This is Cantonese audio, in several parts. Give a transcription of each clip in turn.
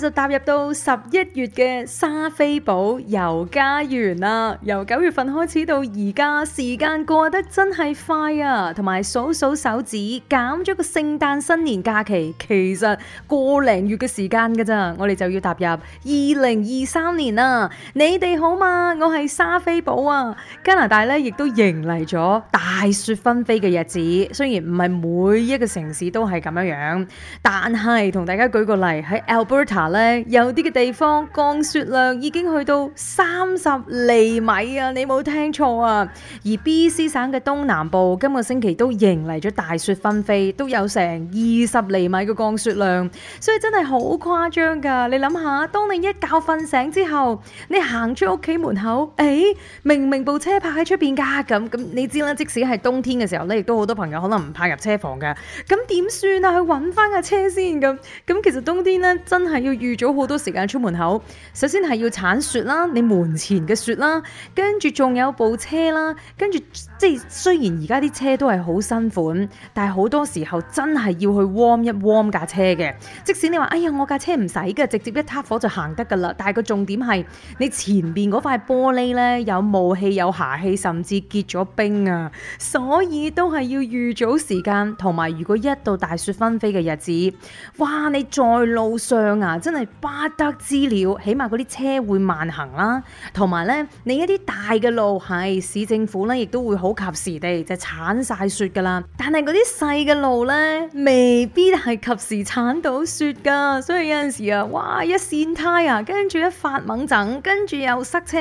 就踏入到十一月嘅莎菲寶遊加園啦。由九月份開始到而家，時間過得真係快啊！同埋數數手指，減咗個聖誕新年假期，其實個零月嘅時間㗎咋。我哋就要踏入二零二三年啦。你哋好嘛？我係莎菲寶啊，加拿大呢亦都迎嚟咗大雪紛飛嘅日子。雖然唔係每一個城市都係咁樣樣，但係同大家舉個例喺 Alberta。咧有啲嘅地方降雪量已經去到三十厘米啊！你冇聽錯啊！而 B.C 省嘅東南部今個星期都迎嚟咗，大雪紛飛，都有成二十厘米嘅降雪量，所以真係好誇張噶！你諗下，當你一覺瞓醒之後，你行出屋企門口，誒，明明部車泊喺出邊噶咁咁，你知啦，即使係冬天嘅時候咧，亦都好多朋友可能唔泊入車房噶，咁點算啊？去搵翻架車先咁咁，其實冬天咧真係。要預早好多時間出門口，首先係要鏟雪啦，你門前嘅雪啦，跟住仲有部車啦，跟住。即係雖然而家啲車都係好新款，但係好多時候真係要去 warm 一 warm 架車嘅。即使你話哎呀，我架車唔使嘅，直接一撻火就行得㗎啦。但係個重點係你前邊塊玻璃咧，有霧氣，有霞氣，甚至結咗冰啊！所以都係要預早時間同埋如果一到大雪紛飛嘅日子，哇！你在路上啊，真係不得之了。起碼啲車會慢行啦，同埋咧，你一啲大嘅路係市政府咧亦都會。好。好及時地就鏟晒雪噶啦，但係嗰啲細嘅路呢，未必係及時鏟到雪噶，所以有陣時啊，哇！一跣胎啊，跟住一發猛整，跟住又塞車，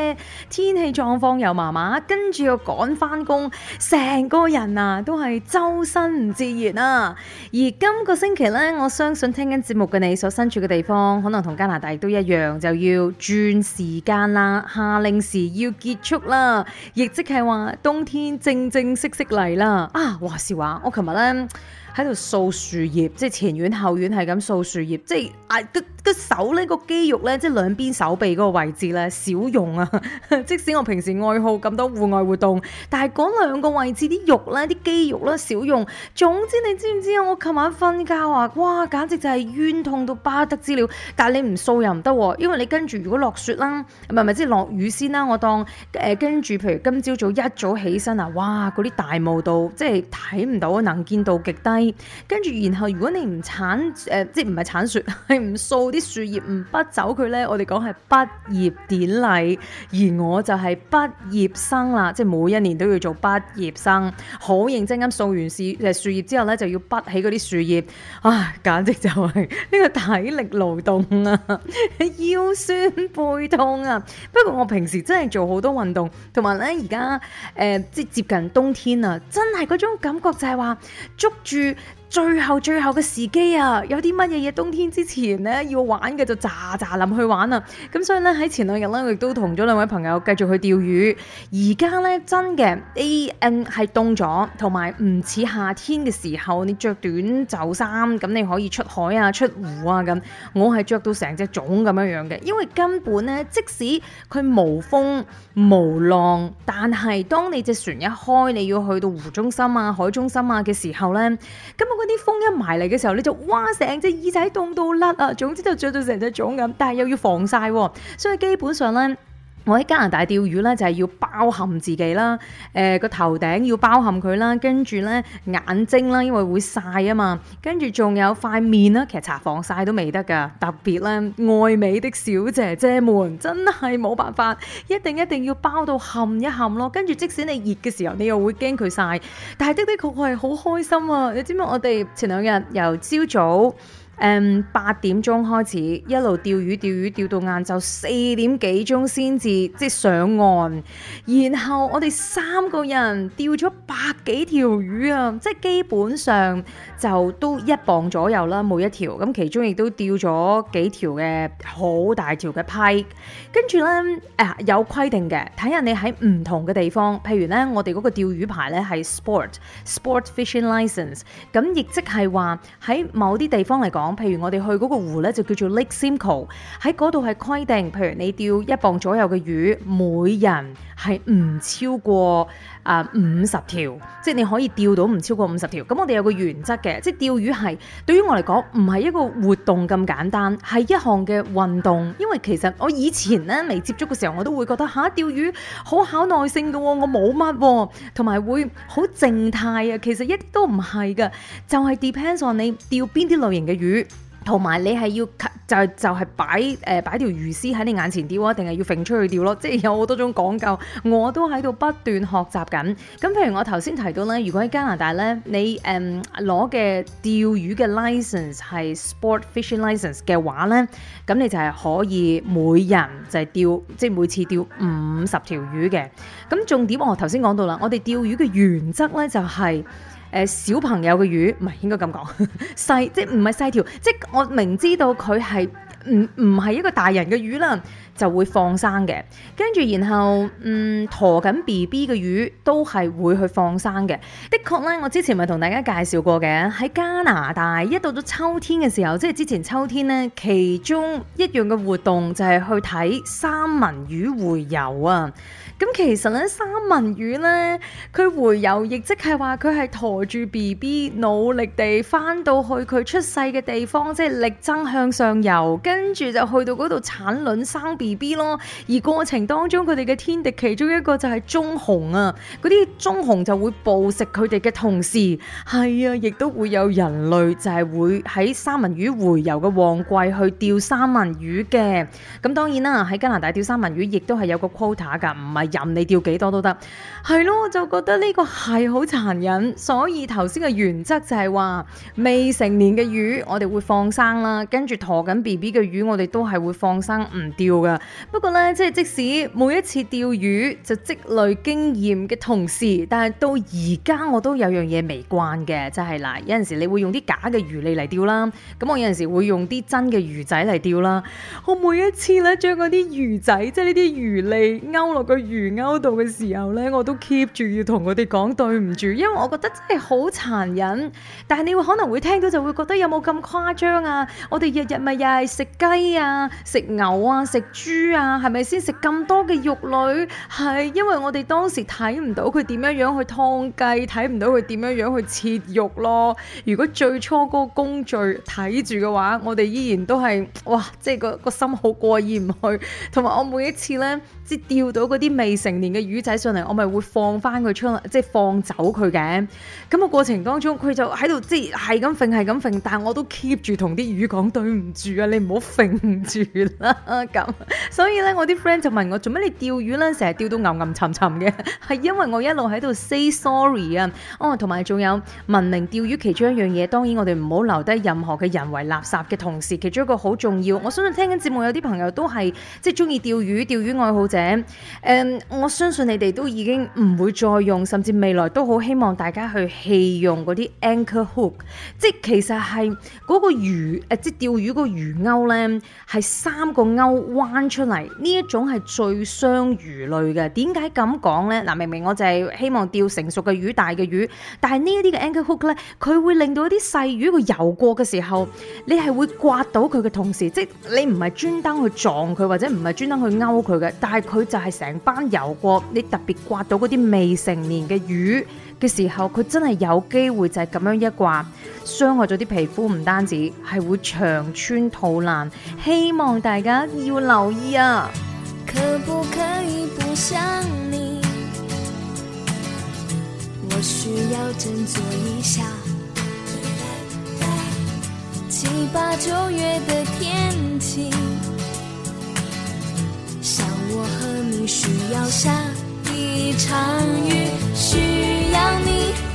天氣狀況又麻麻，跟住又趕翻工，成個人啊都係周身唔自然啊！而今個星期呢，我相信聽緊節目嘅你所身處嘅地方，可能同加拿大都一樣，就要轉時間啦，夏令時要結束啦，亦即係話冬天。正正式式嚟啦！啊，話時話，我琴日咧喺度掃樹葉，即係前院後院係咁掃樹葉，即係嗌都。個手呢個肌肉呢，即係兩邊手臂嗰個位置呢，少用啊！即使我平時愛好咁多戶外活動，但係嗰兩個位置啲肉呢，啲肌肉呢，少用。總之你知唔知啊？我琴晚瞓覺啊，哇！簡直就係冤痛到巴得之了。但係你唔掃又唔得喎，因為你跟住如果落雪啦，唔係即係落雨先啦。我當誒、呃、跟住，譬如今朝早一早起身啊，哇！嗰啲大霧度即係睇唔到，能見度極低。跟住然後如果你唔鏟誒，即係唔係鏟雪係唔掃。啲樹葉唔畢走佢呢，我哋講係畢業典禮，而我就係畢業生啦，即係每一年都要做畢業生，好認真咁掃完樹誒樹葉之後呢，就要畢起嗰啲樹葉，唉，簡直就係呢個體力勞動啊，腰酸背痛啊！不過我平時真係做好多運動，同埋呢而家誒即接近冬天啊，真係嗰種感覺就係話捉住。最後最後嘅時機啊，有啲乜嘢嘢冬天之前呢，要玩嘅就咋咋諗去玩啊！咁所以呢，喺前兩日呢，我亦都同咗兩位朋友繼續去釣魚。而家呢，真嘅，A N 係凍咗，同埋唔似夏天嘅時候，你着短袖衫咁你可以出海啊、出湖啊咁。我係着到成隻粽咁樣樣嘅，因為根本呢，即使佢無風無浪，但係當你隻船一開，你要去到湖中心啊、海中心啊嘅時候呢。咁啲風一埋嚟嘅時候，你就哇成隻耳仔凍到甩啊！總之就着到成隻腫咁，但係又要防晒，所以基本上咧。我喺加拿大釣魚呢，就係、是、要包含自己啦，誒、呃、個頭頂要包含佢啦，跟住呢眼睛啦，因為會曬啊嘛，跟住仲有塊面啦，其實搽防曬都未得噶，特別呢，愛美的小姐姐們真係冇辦法，一定一定要包到冚一冚咯，跟住即使你熱嘅時候，你又會驚佢曬。但係的的確確係好開心啊！你知唔知我哋前兩日由朝早。誒，八、um, 點鐘開始，一路釣魚釣魚釣到晏晝四點幾鐘先至即係上岸，然後我哋三個人釣咗百幾條魚啊！即係基本上就都一磅左右啦，每一條，咁其中亦都釣咗幾條嘅好大條嘅 pike。跟住咧，誒有規定嘅，睇下，你喺唔同嘅地方。譬如咧，我哋個釣魚牌咧係 sport sport fishing license，咁亦即係話喺某啲地方嚟講。講譬如我哋去嗰個湖呢，就叫做 Lake Simcoe，喺嗰度係規定，譬如你釣一磅左右嘅魚，每人係唔超過啊五十條，即係你可以釣到唔超過五十條。咁我哋有個原則嘅，即係釣魚係對於我嚟講唔係一個活動咁簡單，係一項嘅運動。因為其實我以前咧未接觸嘅時候，我都會覺得下釣魚好考耐性嘅喎、哦，我冇乜同埋會好靜態啊。其實一啲都唔係㗎，就係、是、depends on 你釣邊啲類型嘅魚。同埋你係要就就係擺誒、呃、擺條魚絲喺你眼前釣啊，定係要揈出去釣咯、啊？即係有好多種講究，我都喺度不斷學習緊。咁譬如我頭先提到咧，如果喺加拿大咧，你誒攞嘅釣魚嘅 license 係 sport fishing license 嘅話咧，咁你就係可以每人就係釣即係每次釣五十條魚嘅。咁重點我頭先講到啦，我哋釣魚嘅原則咧就係、是。誒小朋友嘅魚，唔係應該咁講，細即係唔係細條，即我明知道佢係唔唔係一個大人嘅魚啦，就會放生嘅，跟住然後嗯陀緊 B B 嘅魚都係會去放生嘅。的確呢，我之前咪同大家介紹過嘅，喺加拿大一到咗秋天嘅時候，即係之前秋天呢，其中一樣嘅活動就係去睇三文魚回游啊。咁其實呢，三文魚呢，佢回游亦即係話佢係陀住 B B，努力地返到去佢出世嘅地方，即係力爭向上游，跟住就去到嗰度產卵生 B B 咯，而過程當中佢哋嘅天敵其中一個就係棕熊啊，啲棕熊就會捕食佢哋嘅同時，係啊，亦都會有人類就係會喺三文魚洄游嘅旺季去釣三文魚嘅。咁當然啦，喺加拿大釣三文魚亦都係有個 quota 噶唔係任你釣幾多都得。係咯，啊，我就覺得呢個係好殘忍，所以頭先嘅原則就係話未成年嘅魚我哋會放生啦，跟住陀緊 B B 嘅魚我哋都係會放生唔釣噶。不過咧，即係即使每一次釣魚就積累經驗嘅同時，但係到而家我都有樣嘢未慣嘅，就係嗱，有陣時你會用啲假嘅魚餌嚟釣啦，咁我有陣時會用啲真嘅魚仔嚟釣啦。我每一次咧將嗰啲魚仔，即係呢啲魚餌勾落個魚鈎度嘅時候咧，我都 keep 住要同佢哋講對唔住，因為我覺得真係好殘忍。但係你會可能會聽到就會覺得有冇咁誇張啊？我哋日日咪又係食雞啊、食牛啊、食、啊。豬啊，係咪先食咁多嘅肉類？係因為我哋當時睇唔到佢點樣樣去燙雞，睇唔到佢點樣樣去切肉咯。如果最初嗰個工序睇住嘅話，我哋依然都係哇，即係個個心好過意唔去。同埋我每一次呢，即係釣到嗰啲未成年嘅魚仔上嚟，我咪會放翻佢出嚟，即係放走佢嘅。咁個過程當中，佢就喺度即係咁揈，係咁揈，但我都 keep 住同啲魚講對唔住啊，你唔好揈住啦咁。 所以咧，我啲 friend 就問我做咩，你釣魚呢，成日釣到暗暗沉沉嘅？係 因為我一路喺度 say sorry 啊。哦，同埋仲有，文明釣魚其中一樣嘢，當然我哋唔好留低任何嘅人為垃圾嘅同時，其中一個好重要，我相信聽緊節目有啲朋友都係即係中意釣魚，釣魚愛好者。誒、嗯、我相信你哋都已經唔會再用，甚至未來都好希望大家去棄用啲 anchor hook，即係其實係，嗰個魚誒，即釣魚即係釣魚嗰個魚鈎咧，係三個鈎彎。出嚟呢一種係最傷魚類嘅，點解咁講呢？嗱，明明我就係希望釣成熟嘅魚，大嘅魚，但係呢一啲嘅 anchor hook 咧，佢會令到一啲細魚佢游過嘅時候，你係會刮到佢嘅同時，即你唔係專登去撞佢或者唔係專登去勾佢嘅，但係佢就係成班游過，你特別刮到嗰啲未成年嘅魚。嘅時候，佢真係有機會就係咁樣一刮，傷害咗啲皮膚，唔單止係會長穿肚爛，希望大家要留意啊。可不可以不想你？我需要振作一下，拜拜。七八九月嘅天氣，想我和你需要下一場雨需要你。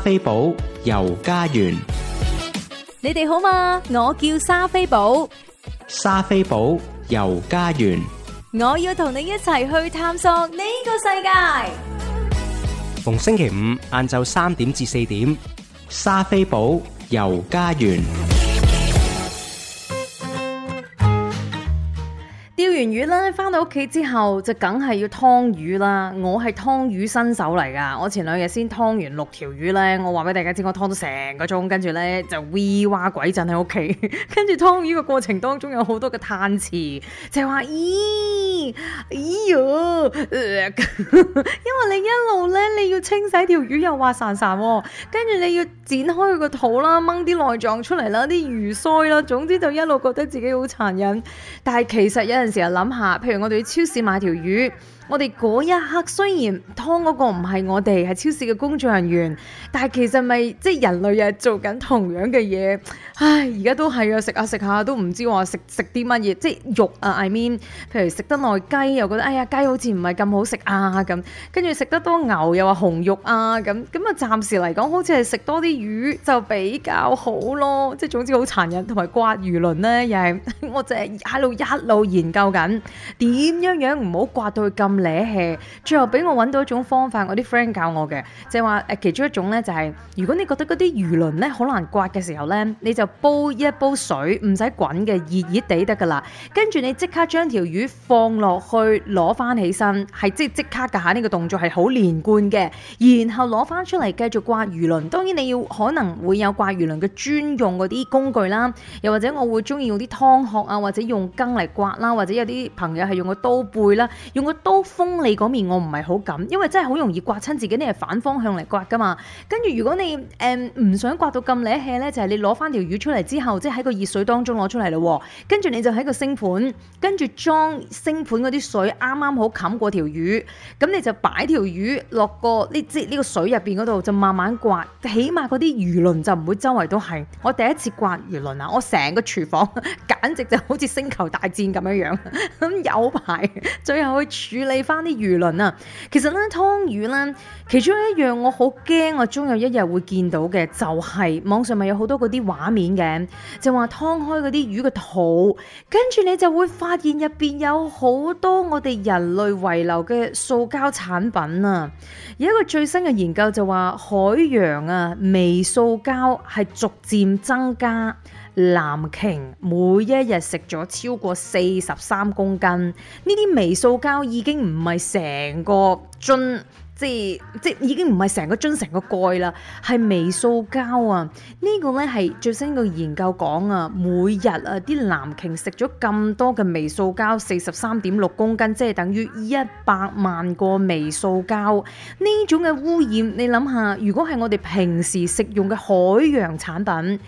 莎菲寶遊加園，你哋好嘛？我叫莎菲寶，莎菲寶遊加園，我要同你一齊去探索呢個世界。逢星期五晏晝三點至四點，莎菲寶遊加園。完魚呢，返到屋企之後就梗係要劏魚啦。我係劏魚新手嚟㗎，我前兩日先劏完六條魚呢，我話俾大家知，我劏咗成個鐘，跟住呢，就嗚哇鬼震喺屋企。跟住劏魚嘅過程當中有好多嘅嘆詞，就係話咦，咦呀，因為你一路呢，你要清洗條魚又滑潺潺，喔，跟住你要剪開佢個肚啦，掹啲內臟出嚟啦，啲魚鰓啦，總之就一路覺得自己好殘忍。但係其實有陣時啊。諗下，譬如我哋去超市買條魚。我哋嗰一刻雖然劏嗰個唔係我哋，係超市嘅工作人員，但係其實咪即係人類又係做緊同樣嘅嘢。唉，而家都係啊，啊，食下食下都唔知話食食啲乜嘢，即係肉啊。I mean，譬如食得耐雞又覺得哎呀雞好似唔係咁好食啊，咁，跟住食得多牛又話紅肉啊咁咁啊。暫時嚟講，好似係食多啲魚就比較好咯。即係總之好殘忍，同埋刮魚鱗呢，又係我淨係喺度一路研究緊點樣樣唔好刮到佢咁。咧，最後俾我揾到一種方法，我啲 friend 教我嘅，就係話誒其中一種呢、就係，就係如果你覺得嗰啲魚鱗呢好難刮嘅時候呢，你就煲一煲水，唔使滾嘅，熱熱地得噶啦，跟住你即刻將條魚放落去攞翻起身，係即即刻嘅，呢個動作係好連貫嘅，然後攞翻出嚟繼續刮魚鱗。當然你要可能會有刮魚鱗嘅專用嗰啲工具啦，又或者我會中意用啲湯殼啊，或者用羹嚟刮啦，或者有啲朋友係用個刀背啦，用個刀。鋒利嗰面我唔係好敢，因為真係好容易刮親自己，你係反方向嚟刮噶嘛。跟住如果你誒唔、呃、想刮到咁厲氣咧，就係、是、你攞翻條魚出嚟之後，即係喺個熱水當中攞出嚟咯。跟住你就喺個星盤，跟住裝星盤嗰啲水啱啱好冚過條魚，咁你就擺條魚落個呢？即呢個水入邊嗰度就慢慢刮，起碼嗰啲魚鱗就唔會周圍都係。我第一次刮魚鱗啊，我成個廚房簡直就好似星球大戰咁樣樣，咁 有排最後去處理。睇翻啲輿論啊，其實咧，劏魚咧，其中一樣我好驚，我終有一日會見到嘅，就係、是、網上咪有好多嗰啲畫面嘅，就話劏開嗰啲魚嘅肚，跟住你就會發現入邊有好多我哋人類遺留嘅塑膠產品啊！有一個最新嘅研究就話，海洋啊，微塑膠係逐漸增加。藍鯨每一日食咗超過四十三公斤呢啲微塑膠，已經唔係成個樽，即係即係已經唔係成個樽成個蓋啦，係微塑膠啊！呢個呢係最新嘅研究講啊，每日啊啲藍鯨食咗咁多嘅微塑膠，四十三點六公斤，即係等於一百萬個微塑膠呢種嘅污染，你諗下，如果係我哋平時食用嘅海洋產品。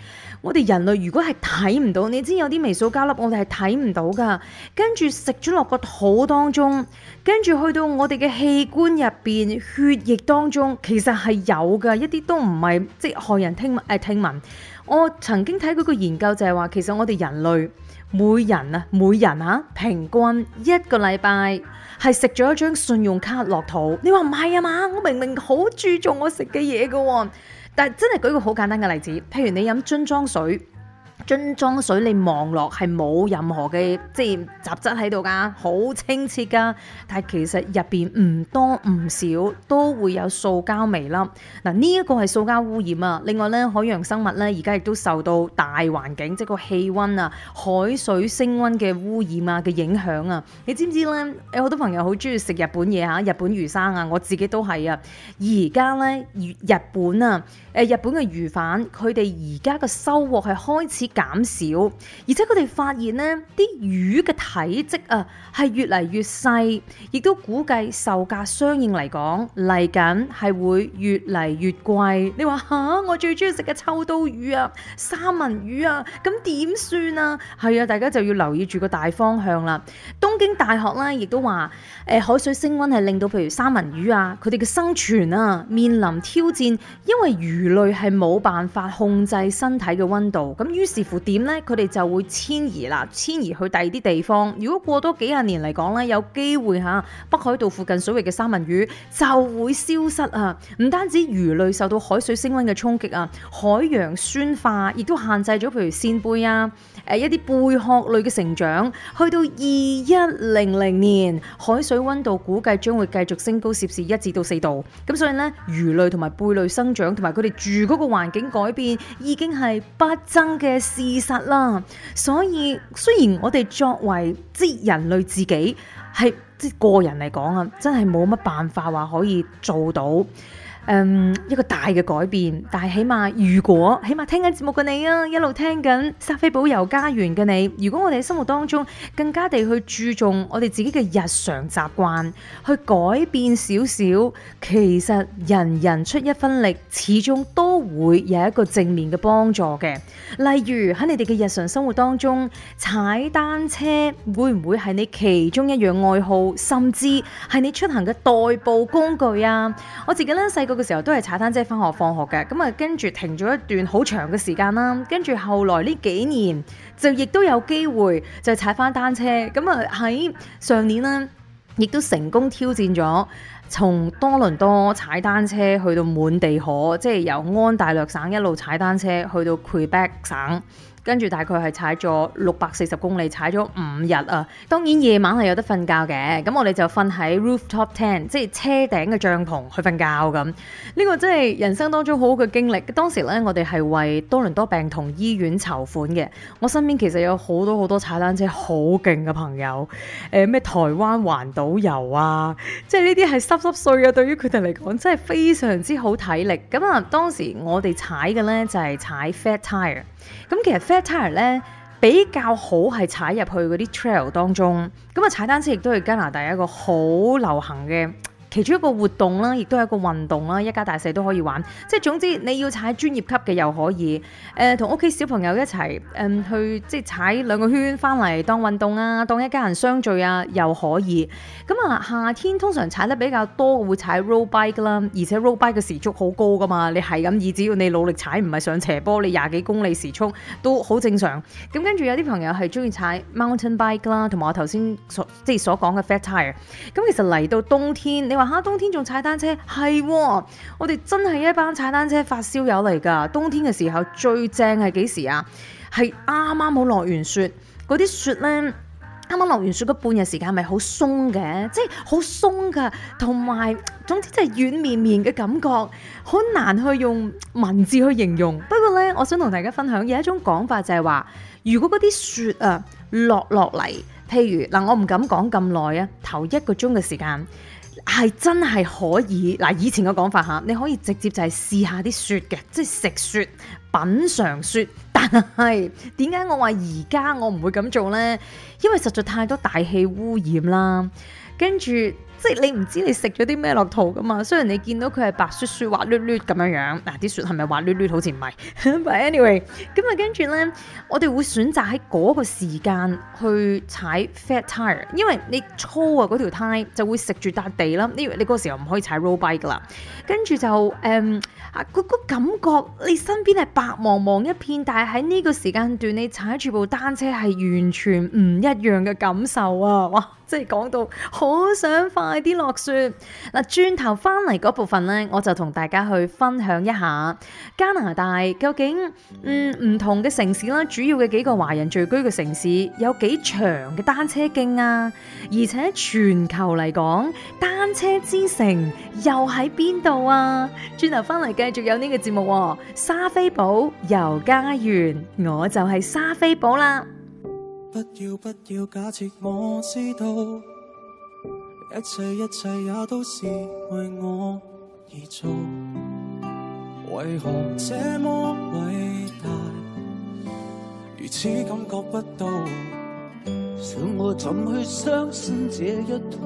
我哋人類如果係睇唔到，你知有啲微小膠粒，我哋係睇唔到噶。跟住食咗落個肚當中，跟住去到我哋嘅器官入邊、血液當中，其實係有嘅，一啲都唔係即係駭人聽聞。誒、呃、聽聞，我曾經睇過一個研究就係話，其實我哋人類每人啊，每人啊，平均一個禮拜係食咗一張信用卡落肚。你話唔係啊嘛？我明明好注重我食嘅嘢嘅喎。但真係舉個好簡單嘅例子，譬如你飲樽裝水。樽裝水你望落係冇任何嘅即係雜質喺度㗎，好清澈㗎。但係其實入邊唔多唔少都會有塑膠微粒。嗱呢一個係塑膠污染啊。另外咧，海洋生物咧而家亦都受到大環境即係個氣温啊、海水升温嘅污染啊嘅影響啊。你知唔知咧？有好多朋友好中意食日本嘢吓，日本魚生啊，我自己都係啊。而家咧，日日本啊，誒日本嘅魚販佢哋而家嘅收穫係開始減少，而且佢哋發現呢啲魚嘅體積啊，係越嚟越細，亦都估計售價相應嚟講嚟緊係會越嚟越貴。你話吓、啊，我最中意食嘅秋刀魚啊、三文魚啊，咁點算啊？係啊，大家就要留意住個大方向啦。東京大學咧亦都話，誒、呃、海水升温係令到譬如三文魚啊，佢哋嘅生存啊面臨挑戰，因為魚類係冇辦法控制身體嘅温度，咁於是。乎點呢，佢哋就會遷移啦，遷移去第二啲地方。如果過多幾廿年嚟講咧，有機會吓、啊、北海道附近水域嘅三文魚就會消失啊！唔單止魚類受到海水升温嘅衝擊啊，海洋酸化亦都限制咗，譬如扇貝啊。誒一啲貝殼類嘅成長，去到二一零零年，海水溫度估計將會繼續升高攝氏一至到四度，咁所以呢，魚類同埋貝類生長同埋佢哋住嗰個環境改變，已經係不爭嘅事實啦。所以雖然我哋作為即人類自己，係即個人嚟講啊，真係冇乜辦法話可以做到。誒，um, 一個大嘅改變，但係起碼如果，起碼聽緊節目嘅你啊，一路聽緊《莎菲寶遊加園》嘅你，如果我哋喺生活當中更加地去注重我哋自己嘅日常習慣，去改變少少，其實人人出一分力，始終都會有一個正面嘅幫助嘅。例如喺你哋嘅日常生活當中，踩單車會唔會係你其中一樣愛好，甚至係你出行嘅代步工具啊？我自己咧細個。嗰個時候都係踩單車返學、放學嘅，咁啊，跟住停咗一段好長嘅時間啦，跟住後來呢幾年就亦都有機會就踩返單車，咁啊喺上年呢，亦都成功挑戰咗從多倫多踩單車去到滿地可，即係由安大略省一路踩單車去到魁北克省。跟住大概係踩咗六百四十公里，踩咗五日啊！當然夜晚係有得瞓覺嘅，咁我哋就瞓喺 rooftop tent，即係車頂嘅帳篷去瞓覺咁。呢、這個真係人生當中很好好嘅經歷。當時咧，我哋係為多倫多病童醫院籌款嘅。我身邊其實有好多好多踩單車好勁嘅朋友，誒、呃、咩台灣環島遊啊，即係呢啲係濕濕碎啊！對於佢哋嚟講，真係非常之好體力。咁啊，當時我哋踩嘅咧就係、是、踩 fat tire。咁其實 fat tire 呢，比較好係踩入去嗰啲 trail 當中，咁啊，踩單車亦都係加拿大一個好流行嘅。其中一個活動啦，亦都係一個運動啦，一家大細都可以玩。即係總之，你要踩專業級嘅又可以，誒同屋企小朋友一齊、呃，去即係踩兩個圈翻嚟當運動啊，當一家人相聚啊又可以。咁啊，夏天通常踩得比較多會踩 road bike 啦，而且 road bike 嘅時速好高噶嘛，你係咁以，只要你努力踩，唔係上斜坡，你廿幾公里時速都好正常。咁跟住有啲朋友係中意踩 mountain bike 啦，同埋我頭先所即係所講嘅 fat tire。咁其實嚟到冬天，你話～吓，冬天仲踩單車，係喎，我哋真係一班踩單車發燒友嚟噶。冬天嘅時候最正係幾時啊？係啱啱好落完雪，嗰啲雪呢，啱啱落完雪嗰半日時間，咪好鬆嘅，即係好鬆噶，同埋總之即係軟綿綿嘅感覺，好難去用文字去形容。不過呢，我想同大家分享，有一種講法就係話，如果嗰啲雪啊落落嚟，譬如嗱，我唔敢講咁耐啊，頭一個鐘嘅時間。係真係可以嗱，以前嘅講法嚇，你可以直接就係試下啲雪嘅，即係食雪，品嚐雪。但係點解我話而家我唔會咁做咧？因為實在太多大氣污染啦，跟住。即係你唔知你食咗啲咩落肚噶嘛，雖然你見到佢係白雪雪滑捋捋咁樣樣，嗱啲雪係咪滑捋捋？好似唔係 but anyway，咁啊，跟住咧，我哋會選擇喺嗰個時間去踩 fat tire，因為你粗啊嗰條胎就會食住笪地啦。例如你嗰個時候唔可以踩 road bike 噶啦，跟住就誒啊嗰個感覺，你身邊係白茫茫一片，但係喺呢個時間段你踩住部單車係完全唔一樣嘅感受啊！哇！即係講到好想快啲落雪嗱，轉頭翻嚟嗰部分呢，我就同大家去分享一下加拿大究竟嗯唔同嘅城市啦，主要嘅幾個華人聚居嘅城市有幾長嘅單車徑啊，而且全球嚟講單車之城又喺邊度啊？轉頭翻嚟繼續有呢個節目，哦，莎菲寶遊加園，我就係沙菲堡啦。不要，不要假設我知道，一切，一切也都是為我而做，為何這麼偉大，如此感覺不到？想我怎去相信這一套？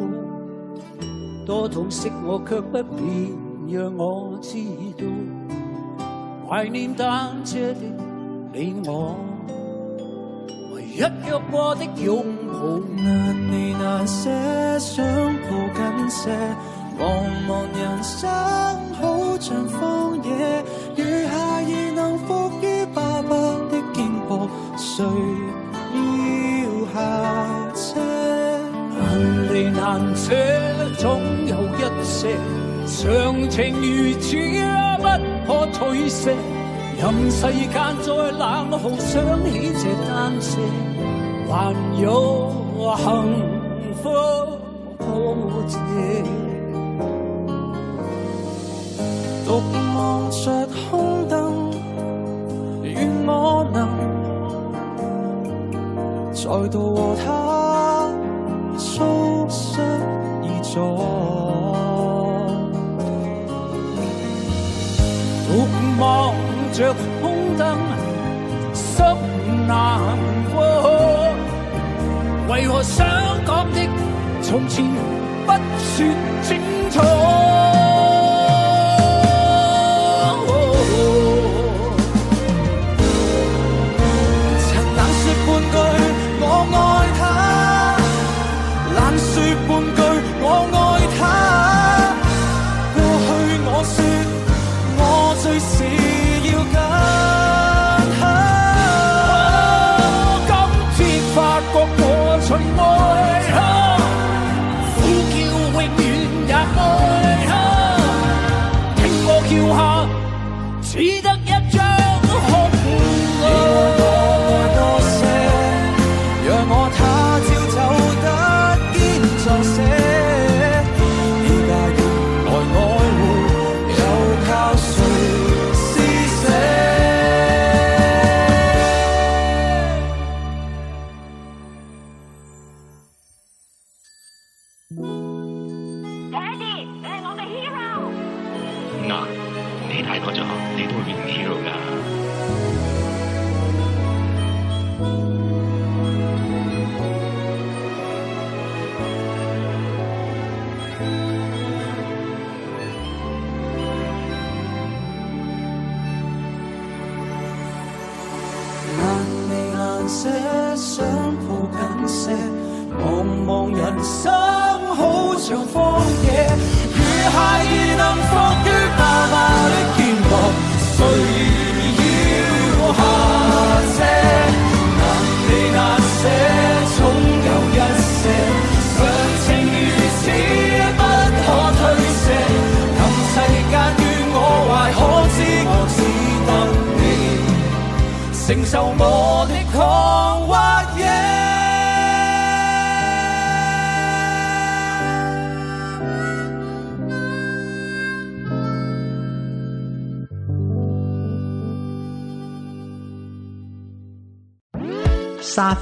多痛惜我卻不便讓我知道，懷念單車的你我。一約過的擁抱，難離難捨，想抱緊些。茫茫人生，好像荒野，如孩兒能伏於爸爸的肩膊，誰要下車？難離難捨，總有一些常情如，如此不可推卸。任世間再冷酷，想起這單車，還有幸福可借。獨望着空燈，願我能再度和他促膝而坐。獨望。着空燈，心難過。為何想講的從前不說清楚？爹哋，你係我嘅 hero。嗱，你太多咗，你都會變 hero 噶。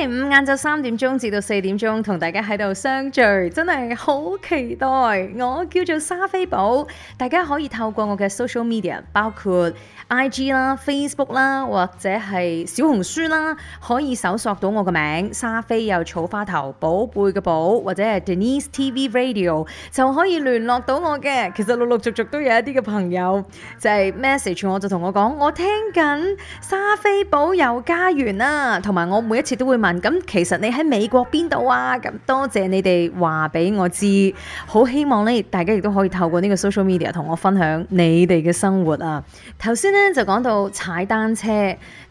下午晏晝三點鐘至到四點鐘同大家喺度相聚，真係好期待！我叫做莎菲寶，大家可以透過我嘅 social media，包括 IG 啦、Facebook 啦、或者係小紅書啦，可以搜索到我嘅名莎菲有草花頭寶貝嘅寶，或者係 Denise TV Radio 就可以聯絡到我嘅。其實陸陸續續都有一啲嘅朋友就係、是、message，我就同我講，我聽緊莎菲寶遊加園啦、啊，同埋我每一次都會問。咁其實你喺美國邊度啊？咁多謝你哋話俾我知，好希望咧，大家亦都可以透過呢個 social media 同我分享你哋嘅生活啊！頭先咧就講到踩單車。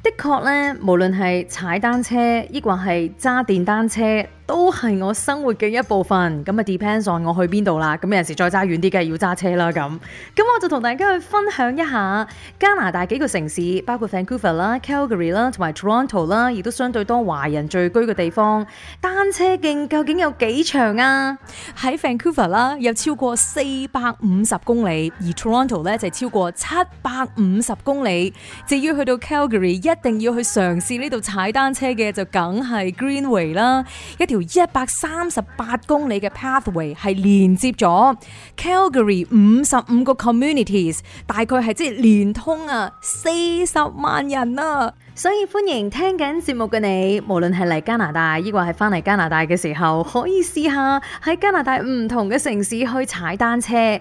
的確咧，無論係踩單車，亦或係揸電單車，都係我生活嘅一部分。咁啊，depends on 我去邊度啦。咁有陣時再揸遠啲，梗係要揸車啦。咁，咁我就同大家去分享一下加拿大幾個城市，包括 Vancouver 啦、Calgary 啦，同埋 Toronto 啦，亦都相對多華人聚居嘅地方。單車徑究竟有幾長啊？喺 Vancouver 啦，有超過四百五十公里，而 Toronto 咧就超過七百五十公里。至於去到 Calgary 一定要去嘗試呢度踩單車嘅就梗係 Greenway 啦，Green way，一條一百三十八公里嘅 pathway 係連接咗 Calgary 五十五個 communities，大概係即係連通啊四十萬人啊！所以歡迎聽緊節目嘅你，無論係嚟加拿大，抑或係翻嚟加拿大嘅時候，可以試下喺加拿大唔同嘅城市去踩單車。咁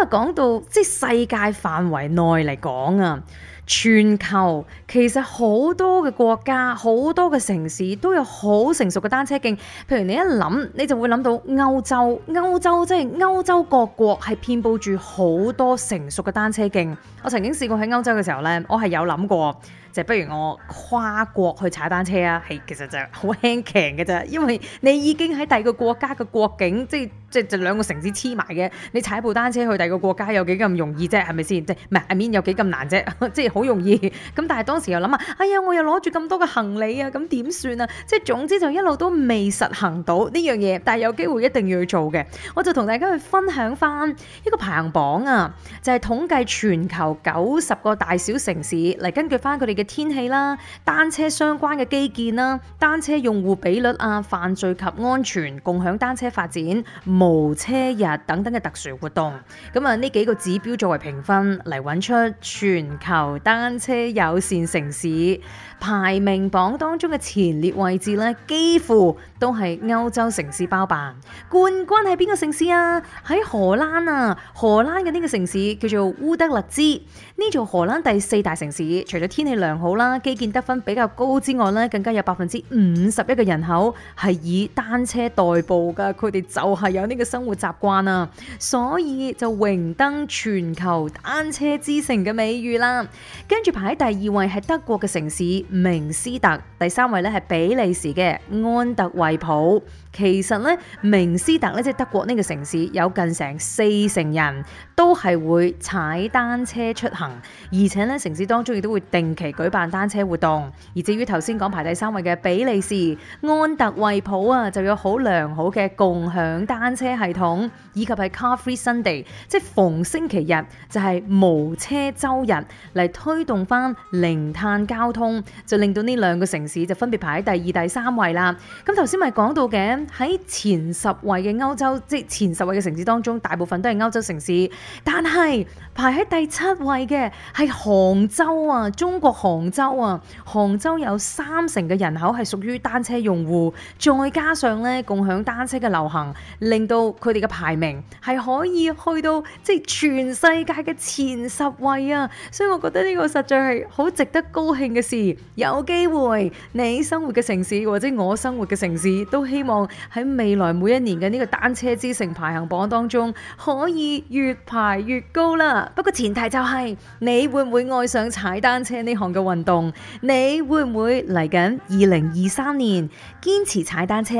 啊，講到即係世界範圍內嚟講啊，全球其實好多嘅國家、好多嘅城市都有好成熟嘅單車徑。譬如你一諗，你就會諗到歐洲，歐洲即係歐洲各國係遍布住好多成熟嘅單車徑。我曾經試過喺歐洲嘅時候呢，我係有諗過。就不如我跨國去踩單車啊！係其實就係好輕騎嘅啫，因為你已經喺第二個國家嘅國境，即係即係就兩個城市黐埋嘅。你踩部單車去第二個國家有幾咁容易啫？係咪先？即係唔係？I mean, 有幾咁難啫？即係好容易。咁但係當時又諗下哎呀，我又攞住咁多嘅行李啊，咁點算啊？即係總之就一路都未實行到呢樣嘢，但係有機會一定要去做嘅。我就同大家去分享翻一個排行榜啊，就係統計全球九十個大小城市嚟根據翻佢哋嘅。天氣啦，單車相關嘅基建啦，單車用戶比率啊，犯罪及安全，共享單車發展，無車日等等嘅特殊活動，咁啊呢幾個指標作為評分嚟搵出全球單車友善城市。排名榜當中嘅前列位置咧，幾乎都係歐洲城市包辦。冠軍係邊個城市啊？喺荷蘭啊，荷蘭嘅呢個城市叫做烏德勒支，呢座荷蘭第四大城市，除咗天氣良好啦、基建得分比較高之外咧，更加有百分之五十一嘅人口係以單車代步噶，佢哋就係有呢個生活習慣啊，所以就榮登全球單車之城嘅美譽啦。跟住排喺第二位係德國嘅城市。明斯特。第三位呢係比利時嘅安特衛普。其實呢明斯特即德國呢個城市有近成四成人都係會踩單車出行，而且呢城市當中亦都會定期舉辦單車活動。而至於頭先講排第三位嘅比利時安特衛普啊，就有好良好嘅共享單車系統，以及係 Car Free Sunday，即逢星期日就係無車周日嚟推動返零碳交通。就令到呢兩個城市就分別排喺第二、第三位啦。咁頭先咪講到嘅喺前十位嘅歐洲，即係前十位嘅城市當中，大部分都係歐洲城市。但係排喺第七位嘅係杭州啊，中國杭州啊，杭州有三成嘅人口係屬於單車用戶，再加上咧共享單車嘅流行，令到佢哋嘅排名係可以去到即係全世界嘅前十位啊！所以我覺得呢個實在係好值得高興嘅事。有機會，你生活嘅城市或者我生活嘅城市，都希望喺未來每一年嘅呢個單車之城排行榜當中，可以越排越高啦。不過前提就係，你會唔會愛上踩單車呢項嘅運動？你會唔會嚟緊二零二三年堅持踩單車，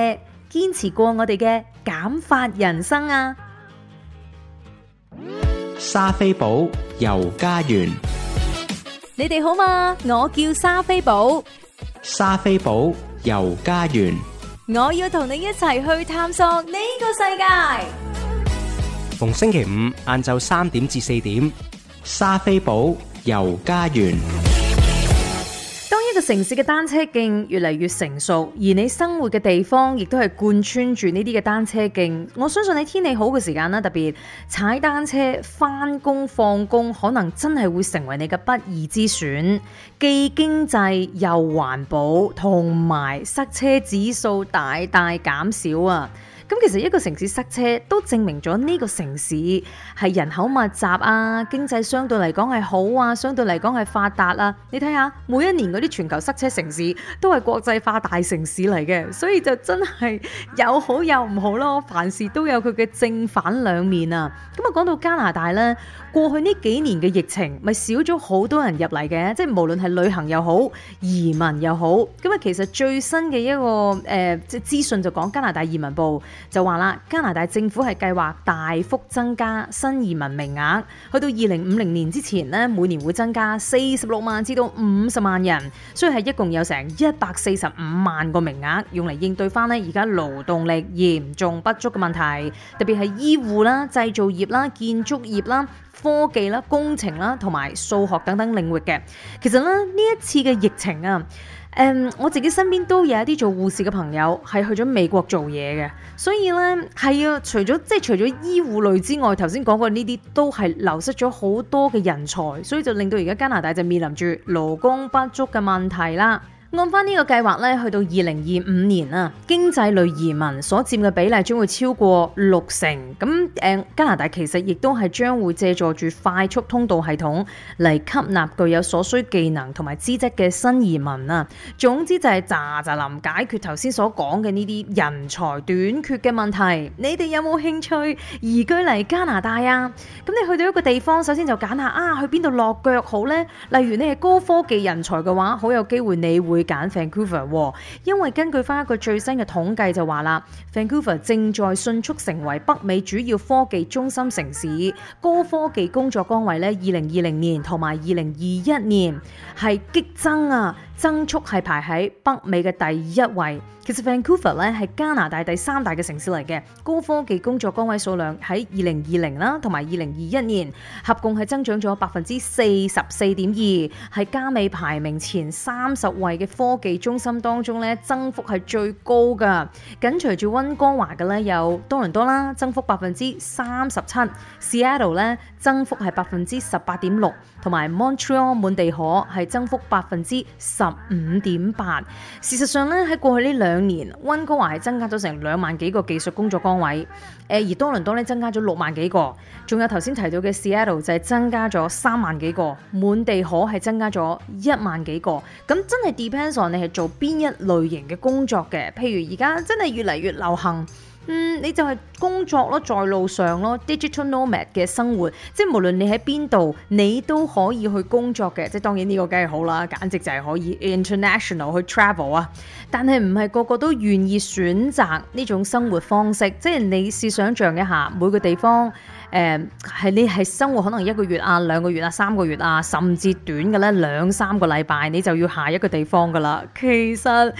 堅持過我哋嘅減法人生啊？莎菲寶遊加園。你哋好嘛？我叫莎菲寶，莎菲寶遊加園，我要同你一齊去探索呢個世界。逢星期五晏晝三點至四點，莎菲寶遊加園。城市嘅單車徑越來越成熟，而你生活嘅地方亦都係貫穿住呢啲嘅單車徑。我相信你天氣好嘅時間啦，特別踩單車翻工放工，可能真係會成為你嘅不二之選，既經濟又環保，同埋塞車指數大大減少啊！咁其實一個城市塞車都證明咗呢個城市係人口密集啊，經濟相對嚟講係好啊，相對嚟講係發達啊。你睇下每一年嗰啲全球塞車城市都係國際化大城市嚟嘅，所以就真係有好有唔好咯。凡事都有佢嘅正反兩面啊。咁啊，講到加拿大呢，過去呢幾年嘅疫情咪少咗好多人入嚟嘅，即係無論係旅行又好，移民又好。咁啊，其實最新嘅一個誒即係資訊就講加拿大移民部。就話啦，加拿大政府係計劃大幅增加新移民名額，去到二零五零年之前咧，每年會增加四十六萬至到五十萬人，所以係一共有成一百四十五萬個名額用嚟應對翻咧而家勞動力嚴重不足嘅問題，特別係醫護啦、製造業啦、建築業啦、科技啦、工程啦同埋數學等等領域嘅。其實呢呢一次嘅疫情啊～Um, 我自己身邊都有一啲做護士嘅朋友係去咗美國做嘢嘅，所以呢，係啊，除咗即係除咗醫護類之外，頭先講過呢啲都係流失咗好多嘅人才，所以就令到而家加拿大就面臨住勞工不足嘅問題啦。按翻呢個計劃咧，去到二零二五年啊，經濟類移民所佔嘅比例將會超過六成。咁誒，加拿大其實亦都係將會借助住快速通道系統嚟吸納具有所需技能同埋資質嘅新移民啊。總之就係咋咋淋解決頭先所講嘅呢啲人才短缺嘅問題。你哋有冇興趣移居嚟加拿大啊？咁你去到一個地方，首先就揀下啊，去邊度落腳好呢？例如你係高科技人才嘅話，好有機會你會。揀 Vancouver，因為根據翻一個最新嘅統計就話啦，Vancouver 正在迅速成為北美主要科技中心城市，高科技工作崗位呢，二零二零年同埋二零二一年係激增啊！增速係排喺北美嘅第一位，其實 Vancouver 咧係加拿大第三大嘅城市嚟嘅，高科技工作崗位數量喺二零二零啦同埋二零二一年合共係增長咗百分之四十四點二，喺加美排名前三十位嘅科技中心當中咧，增幅係最高㗎。緊隨住温哥華嘅咧有多倫多啦，增幅百分之三十七，Seattle 咧增幅係百分之十八點六。同埋 Montreal 滿地可係增幅百分之十五點八。事實上咧，喺過去呢兩年，温哥華係增加咗成兩萬幾個技術工作崗位，誒、呃、而多倫多咧增加咗六萬幾個，仲有頭先提到嘅 Seattle 就係增加咗三萬幾個，滿地可係增加咗一萬幾個。咁真係 depends on 你係做邊一類型嘅工作嘅，譬如而家真係越嚟越流行。嗯，你就係工作咯，在路上咯，digital nomad 嘅生活，即係無論你喺邊度，你都可以去工作嘅。即係當然呢個梗係好啦，簡直就係可以 international 去 travel 啊。但係唔係個個都願意選擇呢種生活方式。即係你試想像一下，每個地方，誒、呃、係你係生活可能一個月啊、兩個月啊、三個月啊，甚至短嘅咧兩三個禮拜，你就要下一個地方㗎喇。其實。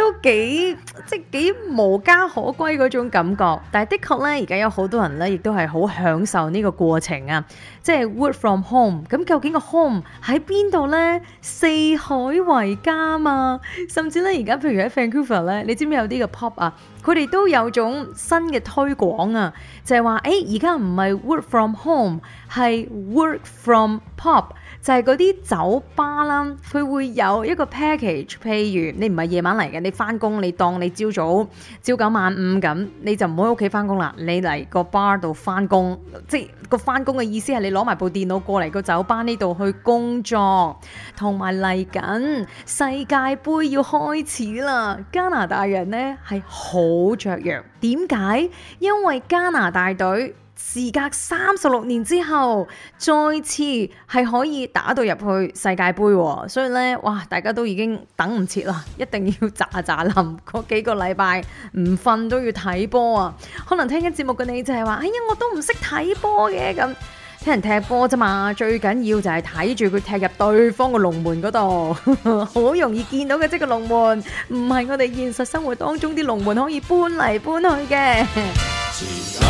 都幾即係幾無家可歸嗰種感覺，但係的確咧，而家有好多人咧，亦都係好享受呢個過程啊，即係 work from home。咁究竟個 home 喺邊度呢？四海為家嘛，甚至咧而家譬如喺 Vancouver 咧，你知唔知有啲嘅 pop 啊？佢哋都有種新嘅推廣啊，就係、是、話，誒而家唔係 work from home，係 work from pop。就係嗰啲酒吧啦，佢會有一個 package，譬如你唔係夜晚嚟嘅，你翻工你當你朝早朝九晚五咁，你就唔好喺屋企翻工啦，你嚟個 bar 度翻工，即係個翻工嘅意思係你攞埋部電腦過嚟個酒吧呢度去工作，同埋嚟緊世界盃要開始啦，加拿大人呢係好雀躍，點解？因為加拿大隊。事隔三十六年之後，再次係可以打到入去世界盃，所以呢，哇！大家都已經等唔切啦，一定要咋咋冧。嗰幾個禮拜唔瞓都要睇波啊！可能聽緊節目嘅你就係話：哎呀，我都唔識睇波嘅咁，聽人踢波咋嘛？最緊要就係睇住佢踢入對方嘅龍門嗰度，好 容易見到嘅。即個龍門唔係我哋現實生活當中啲龍門可以搬嚟搬去嘅。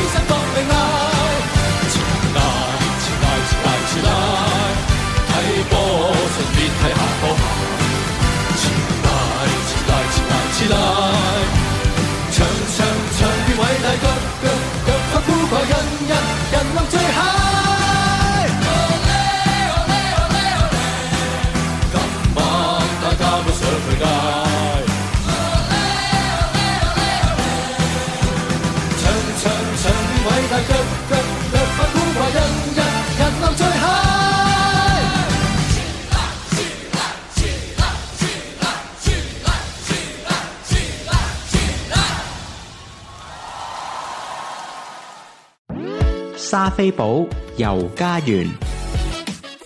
莎菲寶遊加園，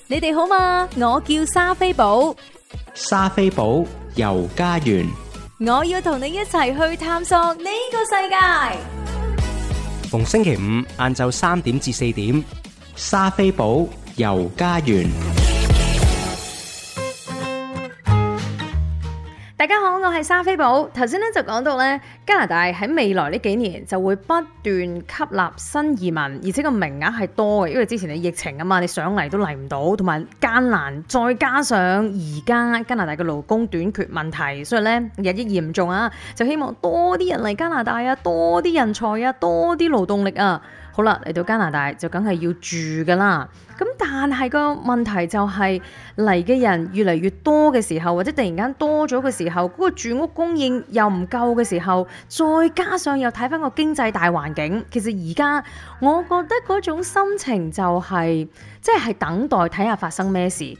你哋好嘛？我叫莎菲寶，莎菲寶遊加園，我要同你一齊去探索呢個世界。逢星期五晏晝三點至四點，莎菲寶遊加園。大家好，我係莎菲寶。頭先咧就講到咧，加拿大喺未來呢幾年就會不斷吸納新移民，而且個名額係多嘅，因為之前嘅疫情啊嘛，你上嚟都嚟唔到，同埋艱難，再加上而家加拿大嘅勞工短缺問題，所以咧日益嚴重啊，就希望多啲人嚟加拿大啊，多啲人才啊，多啲勞動力啊。好啦，嚟到加拿大就梗係要住噶啦。咁但係個問題就係嚟嘅人越嚟越多嘅時候，或者突然間多咗嘅時候，嗰個住屋供應又唔夠嘅時候，再加上又睇翻個經濟大環境，其實而家我覺得嗰種心情就係即係等待睇下發生咩事。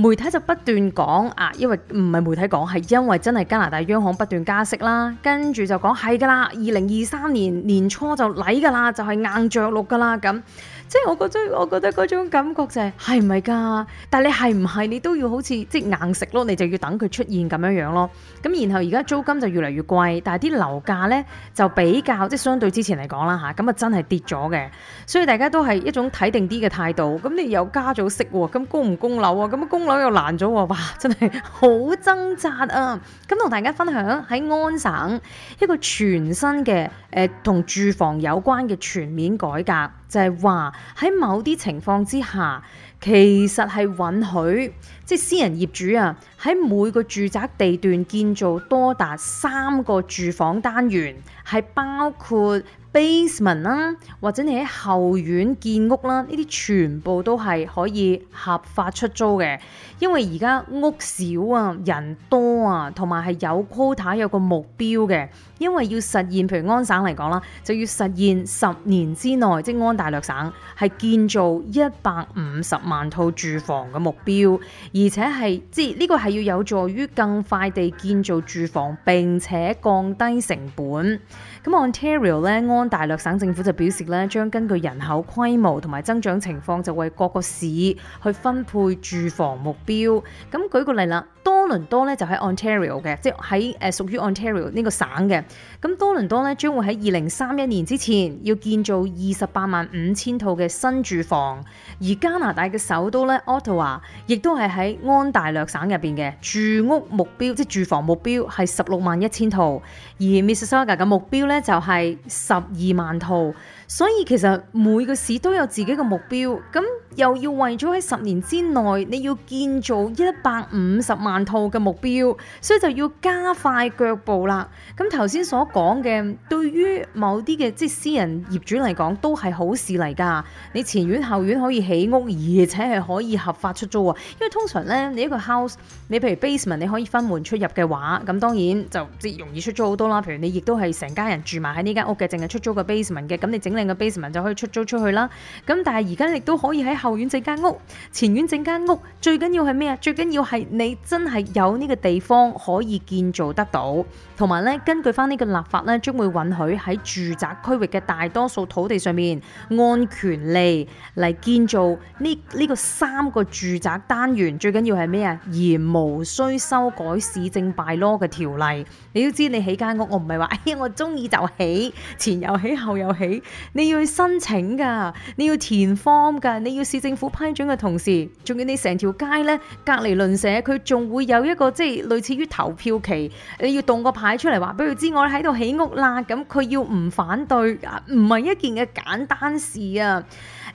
媒體就不斷講啊，因為唔係媒體講，係因為真係加拿大央行不斷加息啦，跟住就講係㗎喇，二零二三年年初就嚟㗎喇，就係、是、硬着陸㗎喇咁即係我覺得，我覺得嗰種感覺就係係唔係㗎？但係你係唔係你都要好似即係硬食咯？你就要等佢出現咁樣樣咯。咁然後而家租金就越嚟越貴，但係啲樓價呢就比較即係相對之前嚟講啦吓咁啊真係跌咗嘅。所以大家都係一種睇定啲嘅態度。咁你又加咗息喎，咁供唔供樓啊？咁啊供樓又難咗喎，哇！真係好掙扎啊！咁同大家分享喺安省一個全新嘅誒同住房有關嘅全面改革。就係話喺某啲情況之下，其實係允許即私人業主啊，在喺每個住宅地段建造多達三個住房單元，係包括。basement 啦、啊，或者你喺後院建屋啦、啊，呢啲全部都係可以合法出租嘅。因為而家屋少啊，人多啊，同埋係有 quota 有個目標嘅。因為要實現，譬如安省嚟講啦，就要實現十年之內，即安大略省係建造一百五十萬套住房嘅目標，而且係即係呢個係要有助於更快地建造住房，並且降低成本。咁 Ontario 咧，ario，安大略省政府就表示咧，將根據人口規模同埋增長情況，就為各個市去分配住房目標。咁舉個例啦。多倫多咧就喺 Ontario 嘅，即係誒屬於 Ontario 呢個省嘅。咁多倫多咧將會喺二零三一年之前要建造二十八萬五千套嘅新住房，而加拿大嘅首都咧 Ottawa 亦都係喺安大略省入邊嘅住屋目標，即住房目標係十六萬一千套，而 Mississauga 嘅目標咧就係十二萬套。所以其實每個市都有自己嘅目標，咁又要為咗喺十年之內你要建造一百五十萬套嘅目標，所以就要加快腳步啦。咁頭先所講嘅，對於某啲嘅即係私人業主嚟講都係好事嚟㗎。你前院後院可以起屋，而且係可以合法出租，因為通常咧，你一個 house，你譬如 basement 你可以分門出入嘅話，咁當然就即係容易出租好多啦。譬如你亦都係成家人住埋喺呢間屋嘅，淨係出租個 basement 嘅，咁你整。靚嘅 basement 就可以出租出去啦。咁但係而家亦都可以喺後院整間屋，前院整間屋。最緊要係咩啊？最緊要係你真係有呢個地方可以建造得到。同埋咧，根據翻呢個立法咧，將會允許喺住宅區域嘅大多數土地上面按權利嚟建造呢呢個三個住宅單元。最緊要係咩啊？而無需修改市政 by law 嘅條例。你都知你起間屋，我唔係話哎呀我中意就起，前又起後又起。你要去申請㗎，你要填 form 㗎，你要市政府批准嘅同時，仲要你成條街咧隔離鄰舍，佢仲會有一個即係類似於投票期，你要動個牌出嚟話俾佢知我喺度起屋啦，咁佢要唔反對啊，唔係一件嘅簡單事啊。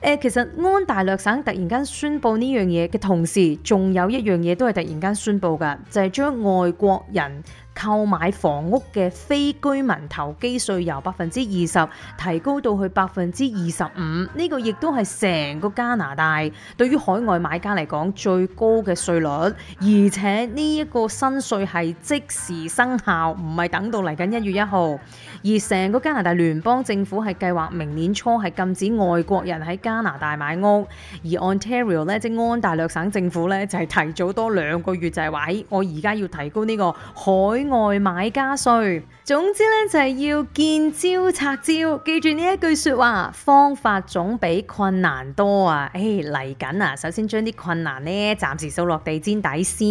誒、呃，其實安大略省突然間宣布呢樣嘢嘅同時，仲有一樣嘢都係突然間宣布㗎，就係、是、將外國人。購買房屋嘅非居民投機稅由百分之二十提高到去百分之二十五，呢個亦都係成個加拿大對於海外買家嚟講最高嘅稅率，而且呢一個新稅係即時生效，唔係等到嚟緊一月一號。而成個加拿大聯邦政府係計劃明年初係禁止外國人喺加拿大買屋，而 Ontario 咧即安大略省政府咧就係提早多兩個月就係話我而家要提高呢個海。外買家稅，總之咧就係、是、要見招拆招，記住呢一句說話，方法總比困難多啊！誒嚟緊啊，首先將啲困難呢暫時掃落地氈底先，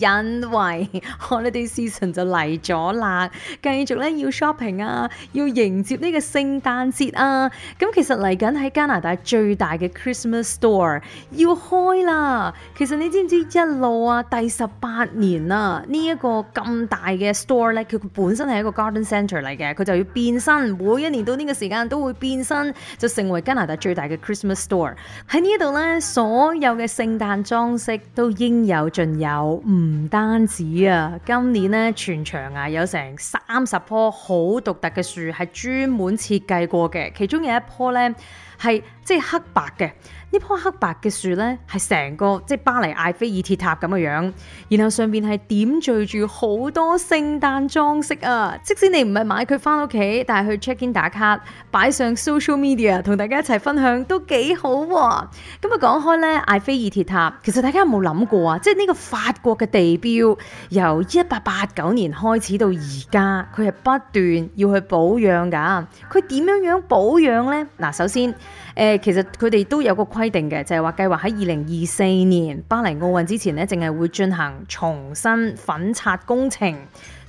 因為 holiday season 就嚟咗啦，繼續咧要 shopping 啊，要迎接呢個聖誕節啊！咁其實嚟緊喺加拿大最大嘅 Christmas Store 要開啦，其實你知唔知一路啊第十八年啦，啊，呢、這、一個咁大。大嘅 store 咧，佢本身係一個 garden center 嚟嘅，佢就要變身。每一年到呢個時間都會變身，就成為加拿大最大嘅 Christmas store 喺呢度咧。所有嘅聖誕裝飾都應有盡有，唔單止啊！今年咧，全場啊有成三十棵好獨特嘅樹，係專門設計過嘅。其中有一棵咧係即係黑白嘅。呢棵黑白嘅樹呢，係成個即係巴黎艾菲爾鐵塔咁嘅樣，然後上邊係點綴住好多聖誕裝飾啊！即使你唔係買佢翻屋企，但係去 check in 打卡，擺上 social media 同大家一齊分享都幾好喎！咁啊講開呢，艾菲爾鐵塔，其實大家有冇諗過啊？即係呢個法國嘅地標，由一八八九年開始到而家，佢係不斷要去保養噶。佢點樣樣保養呢？嗱，首先。其實佢哋都有個規定嘅，就係話計劃喺二零二四年巴黎奧運之前咧，淨係會進行重新粉刷工程。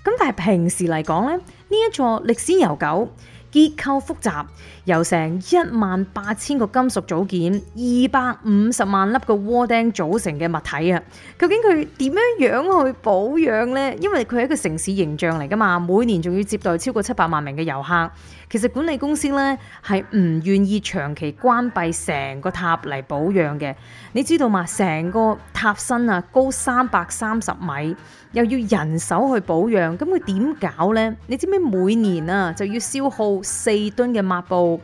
咁但係平時嚟講咧，呢一座歷史悠久，結構複雜，由成一萬八千個金屬組件、二百五十萬粒個窩釘組成嘅物體啊！究竟佢點樣樣去保養呢？因為佢係一個城市形象嚟噶嘛，每年仲要接待超過七百萬名嘅遊客。其實管理公司咧係唔願意長期關閉成個塔嚟保養嘅。你知道嘛？成個塔身啊，高三百三十米，又要人手去保養，咁佢點搞呢？你知唔知每年啊就要消耗？四噸嘅抹布，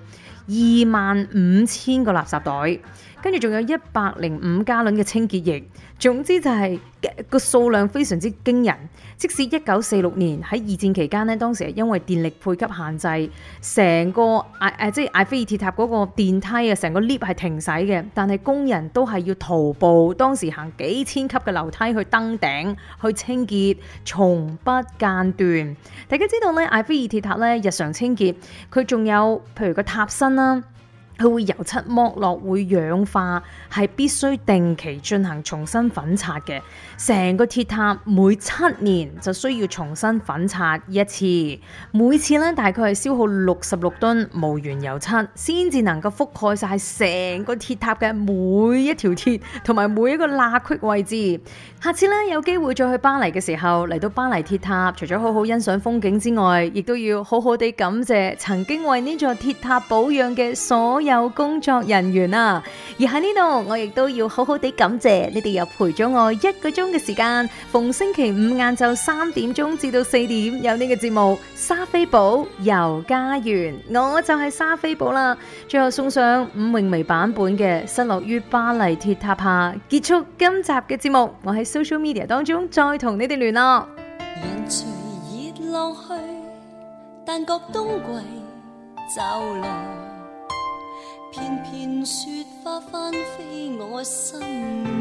二萬五千個垃圾袋。跟住仲有一百零五加侖嘅清潔液，總之就係、是、個數量非常之驚人。即使一九四六年喺二戰期間呢，當時係因為電力配給限制，成個埃、啊啊、即係埃菲爾鐵塔嗰個電梯啊，成個 lift 係停駛嘅，但係工人都係要徒步，當時行幾千級嘅樓梯去登頂去清潔，從不間斷。大家知道咧，埃菲爾鐵塔咧日常清潔，佢仲有譬如個塔身啦、啊。佢會油漆剝落，會氧化，係必須定期進行重新粉刷嘅。成個鐵塔每七年就需要重新粉刷一次，每次咧大概係消耗六十六噸無鉛油漆，先至能夠覆蓋晒成個鐵塔嘅每一條鐵同埋每一個罅隙位置。下次咧有機會再去巴黎嘅時候，嚟到巴黎鐵塔，除咗好好欣賞風景之外，亦都要好好地感謝曾經為呢座鐵塔保養嘅所有有工作人員啊，而喺呢度我亦都要好好地感謝你哋，又陪咗我一個鐘嘅時，時間。逢星期五晏晝三點鐘至到四點有呢個節目《莎菲寶遊加園》，我就係沙菲堡啦。最後送上伍詠薇版本嘅《失落於巴黎鐵塔下》，結束今集嘅節目。我喺 social media 當中再同你哋聯絡。人隨熱片片雪花翻飛我心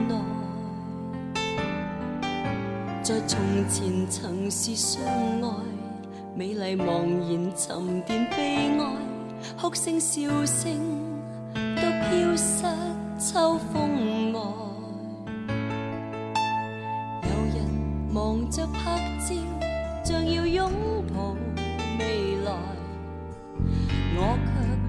內，在從前曾是相愛，美麗茫然沉澱悲哀，哭聲笑聲都飄失秋風外。有人忙着拍照，將要擁抱未來，我卻。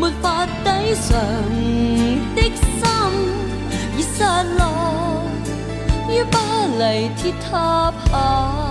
沒法抵償的心，已失落於巴黎鐵塔下。